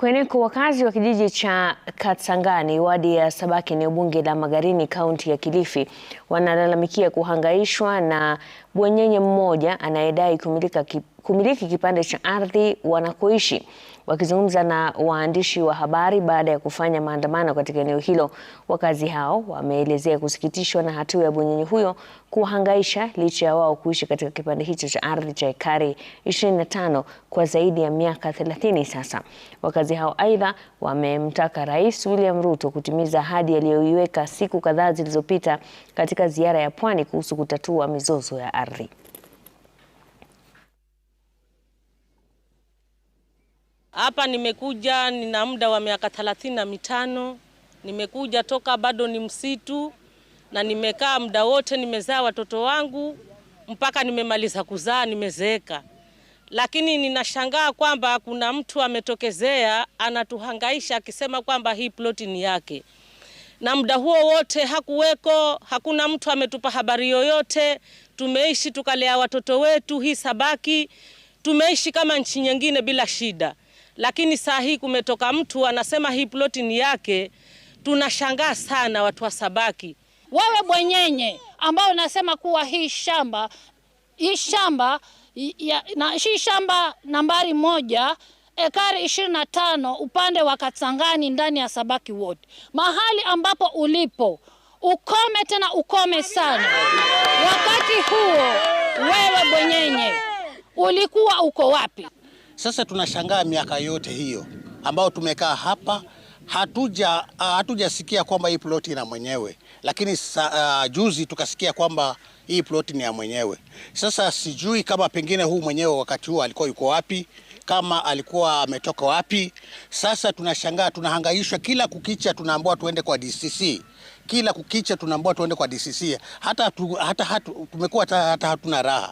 Kweneko wakazi wa kijiji cha Katsangani wadi ya Sabaki eneo bunge la Magarini kaunti ya Kilifi wanalalamikia kuhangaishwa na bwenyenye mmoja anayedai kumiliki kumiliki kipande cha ardhi wanakoishi. Wakizungumza na waandishi wa habari baada ya kufanya maandamano katika eneo hilo, wakazi hao wameelezea kusikitishwa na hatua ya bwenyenye huyo kuwahangaisha licha ya wao kuishi katika kipande hicho cha ardhi cha ekari 25 kwa zaidi ya miaka 30 sasa. Wakazi hao aidha wamemtaka Rais William Ruto kutimiza ahadi aliyoiweka siku kadhaa zilizopita katika ziara ya pwani kuhusu kutatua mizozo ya ardhi. Hapa nimekuja nina muda wa miaka thelathini na mitano. Nimekuja toka bado ni msitu na nimekaa muda wote, nimezaa watoto wangu mpaka nimemaliza kuzaa, nimezeeka. Lakini ninashangaa kwamba kuna mtu ametokezea anatuhangaisha akisema kwamba hii ploti ni yake, na muda huo wote hakuweko, hakuna mtu ametupa habari yoyote. Tumeishi tukalea watoto wetu hii Sabaki, tumeishi kama nchi nyingine bila shida lakini saa hii kumetoka mtu anasema hii ploti ni yake. Tunashangaa sana watu wa Sabaki. Wewe bwenyenye ambao unasema kuwa hii shamba hii shamba ya, na, hii shamba nambari moja ekari ishirini na tano upande wa Katsangani ndani ya Sabaki Ward, mahali ambapo ulipo ukome tena ukome sana. Wakati huo wewe bwenyenye ulikuwa uko wapi? Sasa tunashangaa miaka yote hiyo ambao tumekaa hapa hatuja ah, hatujasikia kwamba hii ploti ina mwenyewe, lakini sa, uh, juzi tukasikia kwamba hii ploti ni ya mwenyewe. Sasa sijui kama pengine huu mwenyewe wakati huo alikuwa yuko wapi, kama alikuwa ametoka wapi. Sasa tunashangaa, tunahangaishwa kila kukicha, tunaambiwa tuende kwa DCC, kila kukicha tunaambiwa tuende kwa DCC. Hata, hata, hata tumekuwa hata hatuna raha